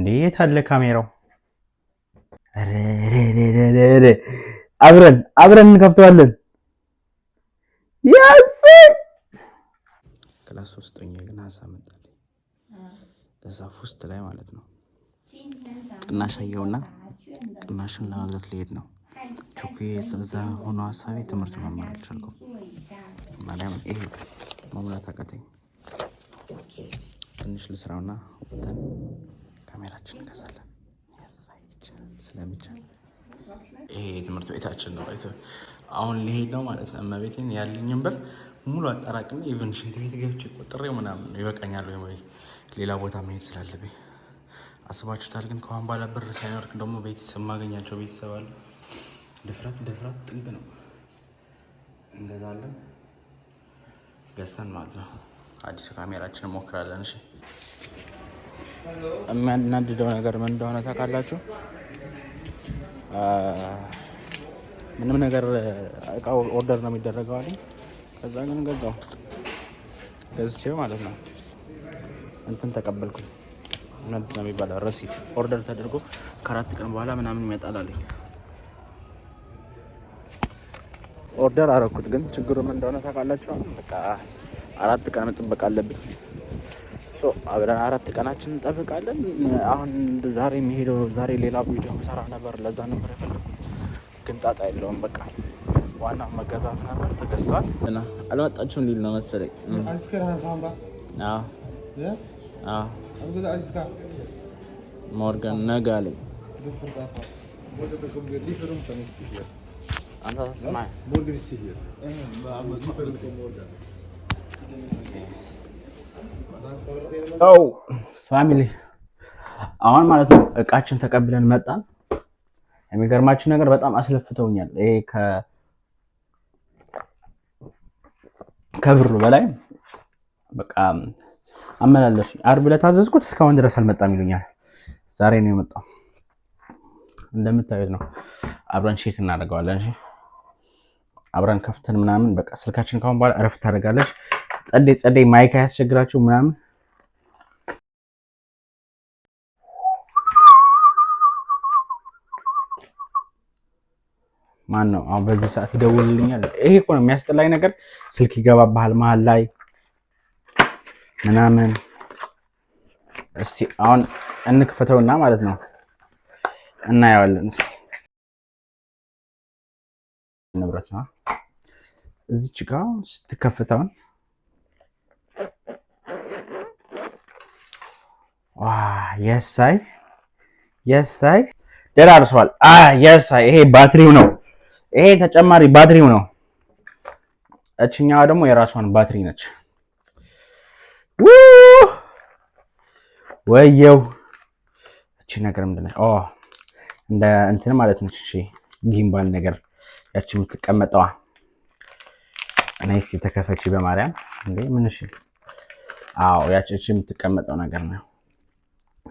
እንዴት አለ ካሜራው? አብረን አብረን እንከፍተዋለን። ያስ ክላስ ሶስተኛ ግን ሀሳብ መጣልኝ። እዛፍ ውስጥ ላይ ማለት ነው ቅናሽ አየውና ቅናሽን ለማግኘት ሊሄድ ነው ቹኩ እዛ ሆኖ ሀሳቤ ትምህርት መማር አልቻልኩም። ማለም ይሄ መሙላት አቃተኝ። ትንሽ ልስራውና ወተን ካሜራችን እንገዛለን ስለሚቻል ይሄ ትምህርት ቤታችን ነው። አሁን ሊሄድ ነው ማለት ነው። እመቤቴን ያለኝን ብር ሙሉ አጠራቅሜ ኢቨን ሽንት ቤት ገብቼ ቆጥሬ ምናምን ይበቃኛል ወይ ሌላ ቦታ መሄድ ስላለብኝ አስባችሁታል። ግን ከአሁን በኋላ ብር ሳይኖርክ ደግሞ ቤት ማገኛቸው ቤተሰብ አለ። ድፍረት ድፍረት ጥግ ነው። እንገዛለን ገዝተን ማለት ነው። አዲስ ካሜራችን ሞክራለን። እሺ የሚያናድደው ነገር ምን እንደሆነ ታውቃላችሁ? ምንም ነገር እቃው ኦርደር ነው የሚደረገው አለኝ። ከዛ ግን ገዛው ገዝቼው ማለት ነው እንትን ተቀበልኩኝ። ምንድን ነው የሚባለው ረሲት ኦርደር ተደርጎ ከአራት ቀን በኋላ ምናምን ይመጣል አለኝ። ኦርደር አረኩት። ግን ችግሩ ምን እንደሆነ ታውቃላችሁ? በቃ አራት ቀን ጥበቃ አለብኝ። አብረን አራት ቀናችን እንጠብቃለን። አሁን ዛሬ የሚሄደው ዛሬ ሌላ ቪዲዮ ሰራ ነበር፣ ለዛ ነበር የፈለኩት፣ ግን ጣጣ የለውም በቃ ዋና መገዛት ነበር። ተገዝቷል እና አልመጣችሁም ሊል ነው መሰለኝ። ሞርጋን ነገ አለኝ አንተ ያው ፋሚሊ አሁን ማለት ነው እቃችን ተቀብለን መጣን። የሚገርማችን ነገር በጣም አስለፍተውኛል። ይሄ ከብሩ በላይ በቃ አመላለሱ አርብ ለታዘዝኩት እስካሁን ድረስ አልመጣም ይሉኛል። ዛሬ ነው የመጣው። እንደምታዩት ነው። አብረን ቼክ እናደርገዋለን። አብረን ከፍተን ምናምን በቃ ስልካችን ካሁን በኋላ እረፍት ታደርጋለች። ጸደይ ጸደይ ማይክ አያስቸግራችሁ ምናምን ማን ነው አሁን በዚህ ሰዓት ይደውልልኛል? ይሄ እኮ ነው የሚያስጠላኝ ነገር። ስልክ ይገባብሃል መሀል ላይ ምናምን። እስቲ አሁን እንክፈተውና ማለት ነው እናየዋለን። እስቲ ንብረት ነው እዚች ጋር ስትከፍተውን የሳይ የሳይ ደራርሷል። የሳይ ይሄ ባትሪው ነው። ይሄ ተጨማሪ ባትሪው ነው። እችኛዋ ደግሞ የራሷን ባትሪ ነች። ወየው እቺ ነገር ምንድን ነው? እንደ እንትን ማለት ነች። እቺ ጊምባል ነገር ያቺ የምትቀመጠዋ እኔ እስኪ ተከፈቺ በማርያም እንዴ! ምን እሺ? አዎ ያቺ የምትቀመጠው ነገር ነው።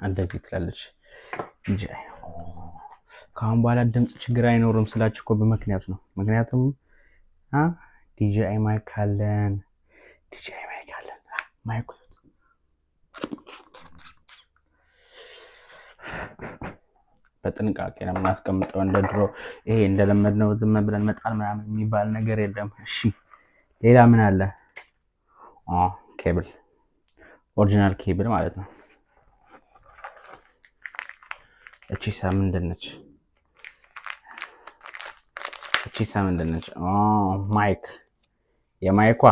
እንደዚህ ትላለች እንጂ ከአሁን በኋላ ድምፅ ችግር አይኖርም ስላችሁ እኮ በምክንያት ነው። ምክንያቱም ዲጂአይ ማይክ አለን፣ ዲጂአይ ማይክ አለን። ማይኩ በጥንቃቄ ነው የምናስቀምጠው። እንደ ድሮ ይሄ እንደለመድነው ዝም ብለን መጣል ምናምን የሚባል ነገር የለም። እሺ፣ ሌላ ምን አለ? ኬብል ኦሪጂናል ኬብል ማለት ነው። እቺሳ ምንድን ነች? እቺሳ ምንድን ነች? ማይክ የማይኳ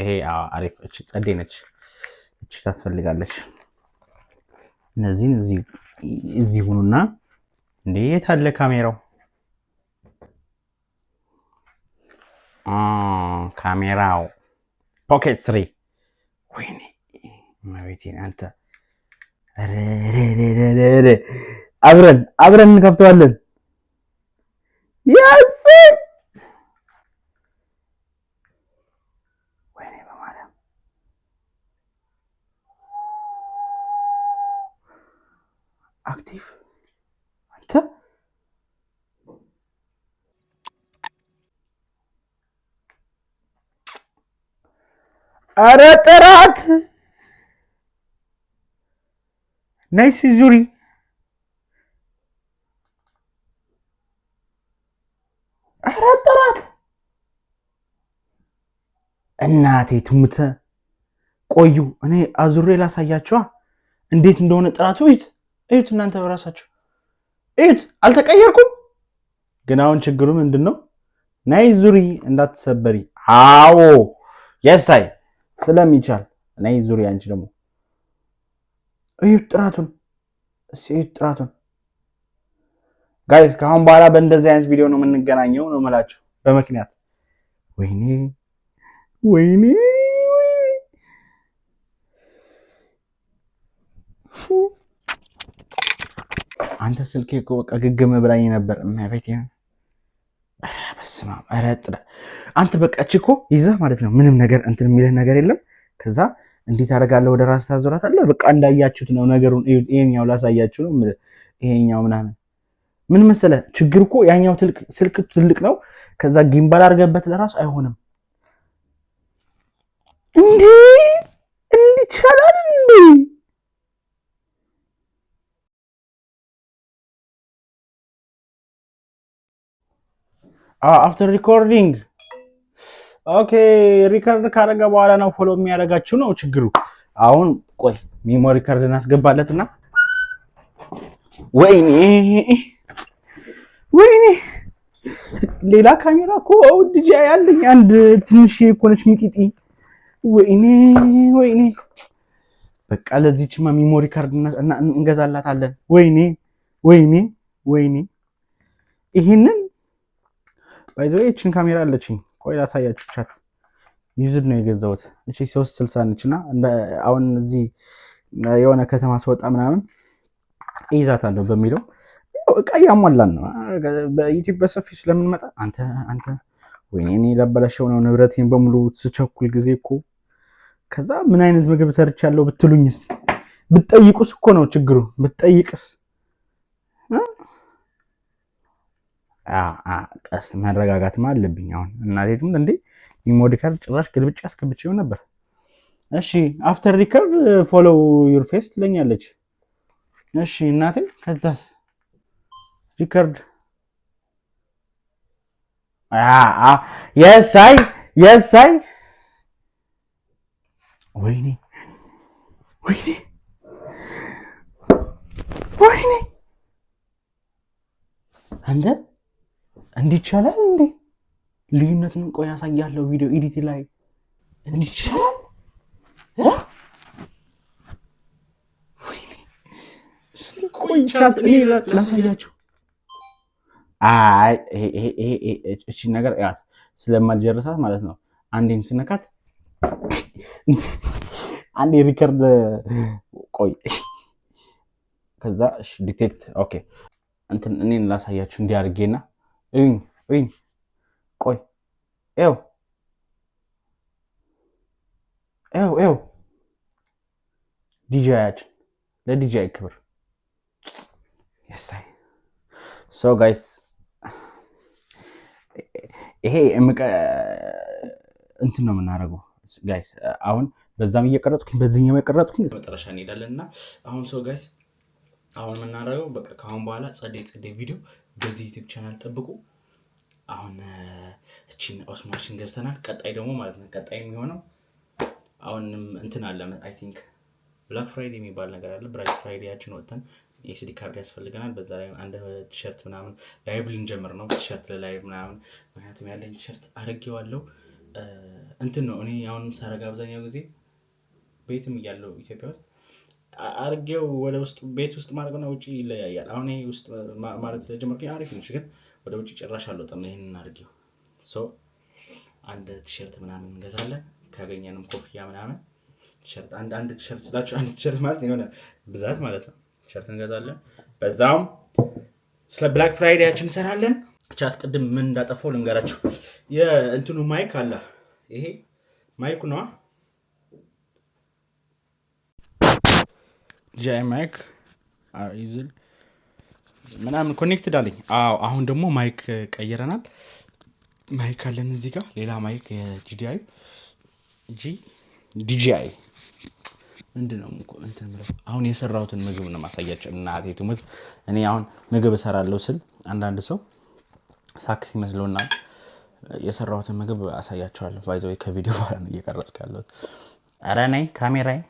ይሄ አሪፍ። እቺ ጸዴ ነች። እቺ ታስፈልጋለች። እነዚህን እዚህ ሁኑና፣ የት አለ ካሜራው ካሜራው ፖኬት ስሪ። ወይኔ እመቤቴን አንተ አብረን አብረን እንከፍተዋለን። ያስ ወይኔ በማርያም አክቲቭ አንተ አረ ጥራት ናይስ ዙሪ አጠራጠራት። እናቴ ትሙተ ቆዩ፣ እኔ አዙሬ ላሳያችኋ እንዴት እንደሆነ ጥራቱ እዩት፣ እዩት፣ እናንተ በራሳችሁ እዩት። አልተቀየርኩም። ግን አሁን ችግሩ ምንድን ነው? ናይ ዙሪ እንዳትሰበሪ። አዎ የሳይ ስለሚቻል ናይ ዙሪ። አንቺ ደግሞ እዩት ጥራቱን፣ እዩት ጥራቱን ጋይስ ከአሁን በኋላ በእንደዚህ አይነት ቪዲዮ ነው የምንገናኘው ነው የምላችሁ። በምክንያት ወይኔ ወይኔ አንተ ስልኬ እኮ በቃ ግግም ብላኝ ነበር። ቤት በስመ አብ አንተ በቃ እቺ እኮ ይዘህ ማለት ነው ምንም ነገር እንትን የሚልህ ነገር የለም። ከዛ እንዴት አደርጋለሁ ወደ ራስ ታዞራታለህ። በቃ እንዳያችሁት ነው ነገሩን። ይሄኛው ላሳያችሁ ነው ይሄኛው ምናምን ምን መሰለ ችግር እኮ ያኛው ስልክ ትልቅ ነው። ከዛ ጊምባል አድርገበት ለራሱ አይሆንም። እንዲ እንዲቻላል እንዴ አፍተር ሪኮርዲንግ ኦኬ። ሪከርድ ካደረገ በኋላ ነው ፎሎ የሚያደርጋችሁ ነው ችግሩ። አሁን ቆይ ሚሞሪ ካርድ እናስገባለትና ወይኔ ወይኔ ሌላ ካሜራ እኮ ውድ ያለኝ አንድ ትንሽ የኮነች ሚጢጢ። ወይኔ ወይኔ፣ በቃ ለዚህችማ ሚሞሪ ካርድ እንገዛላታለን። ወይኔ ወይኔ ወይኔ፣ ይሄንን ባይዘው ይችን ካሜራ አለችኝ። ቆይ ላሳያችሁ። ቻት ዩዝድ ነው የገዛሁት። እቺ ሶስት ስልሳ ነች እና አሁን እዚህ የሆነ ከተማ ስወጣ ምናምን ይዛታለሁ በሚለው እቃ እያሟላን ነው በዩቲዩብ በሰፊ ስለምንመጣ አንተ አንተ ወይኔ እኔ ላበላሸው ነው ንብረቴን በሙሉ ስቸኩል ጊዜ እኮ ከዛ ምን አይነት ምግብ ሰርቻለሁ ብትሉኝስ ብትጠይቁስ እኮ ነው ችግሩ። ብትጠይቅስ ቀስ መረጋጋትም አለብኝ። አሁን እናቴ ደግሞ እንዴ ሜሞሪ ካርድ ጭራሽ ግልብጭ አስገብቼው ነበር። እሺ አፍተር ሪከርድ ፎሎው ዩር ፌስ ትለኛለች። እሺ እናቴ ከዛስ ሪከርድ የእሳይ የእሳይ ወይኔ ወይኔ ወይኔ አንተ እንዲቻላል እንዴ? ልዩነቱን ቆይ ያሳያለው ቪዲዮ ኢዲት ላይ እንዲቻላል ቆይ ላሳያችሁ እቺ ነገር ያት ስለማልጨርሳት ማለት ነው። አንዴን ስነካት አንዴ ሪከርድ ቆይ፣ ከዛ ዲቴክት ኦኬ። እንትን እኔን ላሳያችሁ እንዲህ አድርጌና እኝ ቆይ፣ ኤው ኤው ው ዲጃያችን ለዲጃይ ክብር የሳይ ሶ ጋይስ ይሄ እንትን ነው የምናደርገው ጋይስ። አሁን በዛም እየቀረጽኩኝ በዚህኛው የቀረጽኩኝ መጨረሻ እንሄዳለን እና አሁን ሰው ጋይስ አሁን የምናደርገው በቃ ከአሁን በኋላ ጸደይ ጸደይ ቪዲዮ በዚህ ዩቲብ ቻናል ጠብቁ። አሁን እቺን ኦስማሽን ገዝተናል። ቀጣይ ደግሞ ማለት ነው ቀጣይ የሚሆነው አሁንም እንትን አለ አይ ቲንክ ብላክ ፍራይዴ የሚባል ነገር አለ። ብላክ ፍራይዴያችን ወጥተን ኤስዲ ካርድ ያስፈልገናል። በዛ ላይ አንድ ቲሸርት ምናምን ላይቭ ልንጀምር ነው። ቲሸርት ለላይቭ ምናምን ምክንያቱም ያለኝ ቲሸርት አድርጌዋለሁ። እንትን ነው እኔ አሁን ሳረግ አብዛኛው ጊዜ ቤትም እያለው ኢትዮጵያ ውስጥ አርጌው ወደ ውስጥ ቤት ውስጥ ማድረግና ውጭ ይለያያል። አሁን ይሄ ውስጥ ማድረግ ስለጀመርኩኝ አሪፍ ነች፣ ግን ወደ ውጭ ጭራሽ አልወጣም። ይህንን አርጌው አንድ ቲሸርት ምናምን እንገዛለን ካገኘንም ኮፍያ ምናምን ቲሸርት አንድ አንድ ቲሸርት ስላቸው አንድ ቲሸርት ማለት የሆነ ብዛት ማለት ነው ቲሸርት እንገዛለን። በዛም ስለ ብላክ ፍራይዴያችን እንሰራለን። ቻት ቅድም ምን እንዳጠፋው ልንገራችሁ። የእንትኑ ማይክ አለ ይሄ ማይክ ነዋ ጂአይ ማይክ አርኢዝል ምናምን ኮኔክትድ አለኝ። አዎ አሁን ደግሞ ማይክ ቀይረናል። ማይክ አለን እዚህ ጋር ሌላ ማይክ የጂዲአይ ጂ ዲጂአይ ምንድን እንትን ብለው አሁን የሰራሁትን ምግብ ነው ማሳያቸው። እናቴ ትሙት፣ እኔ አሁን ምግብ እሰራለሁ ስል አንዳንድ ሰው ሳክስ ይመስለውና የሰራሁትን ምግብ አሳያቸዋለሁ። ባይዘ ወይ ከቪዲዮ በኋላ ነው እየቀረጽኩ ያለሁት። ኧረ ነይ ካሜራዬ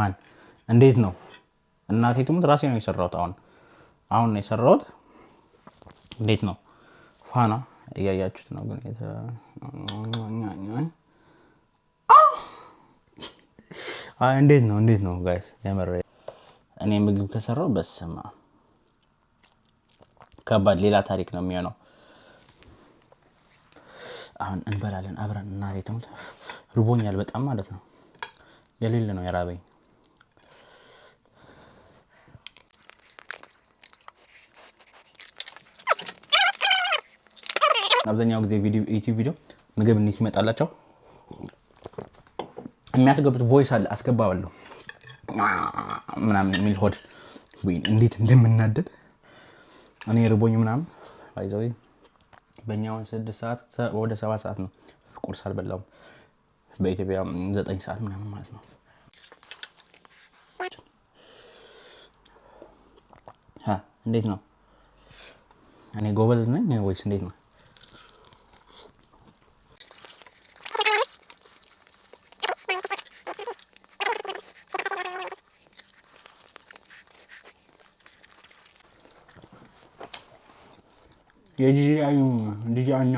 ማን እንዴት ነው እናቴ ትሙት፣ ራሴ ነው የሰራሁት። አሁን አሁን ነው የሰራሁት። እንዴት ነው ፋና እያያችሁት ነው ግን እንዴት ነው እንዴት ነው ጋይስ የመረ እኔ ምግብ ከሰራው በስማ ከባድ ሌላ ታሪክ ነው የሚሆነው። አሁን እንበላለን አብረን እና ሬትሙት ርቦኛል በጣም ማለት ነው። የሌለ ነው የራበኝ። አብዛኛው ጊዜ ዩቲዩብ ቪዲዮ ምግብ እንዲህ ሲመጣላቸው የሚያስገቡት ቮይስ አለ አስገባባለሁ ምናምን የሚል ሆድ እንዴት እንደምናደድ እኔ ርቦኝ ምናምን ይዘ በእኛውን ስድስት ሰዓት ወደ ሰባት ሰዓት ነው ቁርስ አልበላሁም። በኢትዮጵያ ዘጠኝ ሰዓት ምናምን ማለት ነው። እንዴት ነው እኔ ጎበዝ ነኝ ወይስ እንዴት ነው? የዲጂአዩ ዲጂአና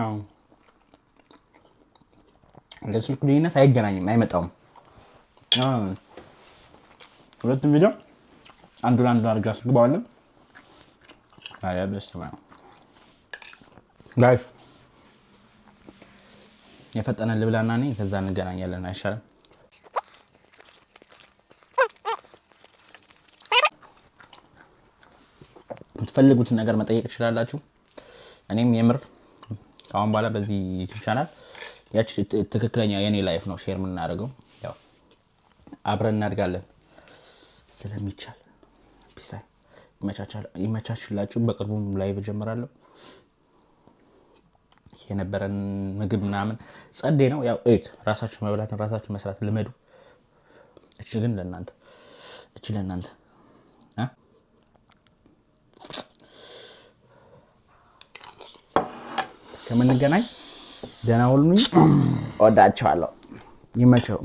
ለስልክ ልዩነት አይገናኝም፣ አይመጣውም። ሁለቱም ቪዲዮ አንዱን አንዱ አድርጋ አስገባዋለን። ታዲያ በስተማ ጋይፍ የፈጠነ ልብላና እኔ ከዛ እንገናኛለን። አይሻልም? የምትፈልጉትን ነገር መጠየቅ ትችላላችሁ። እኔም የምር ከአሁን በኋላ በዚህ ዩቲዩብ ቻናል ያች ትክክለኛ የኔ ላይፍ ነው ሼር የምናደርገው። ያው አብረን እናድጋለን ስለሚቻል ፒሳይ ይመቻችላችሁ። በቅርቡም ላይቭ እጀምራለሁ። የነበረን ምግብ ምናምን ጸዴ ነው። ያው እዩት፣ ራሳችሁ መብላትን ራሳችሁ መስራት ልመዱ። እች ግን ለእናንተ እች ለእናንተ እስከምንገናኝ ደህና ሁኑኝ። ወዳቸዋለሁ። ይመቸው።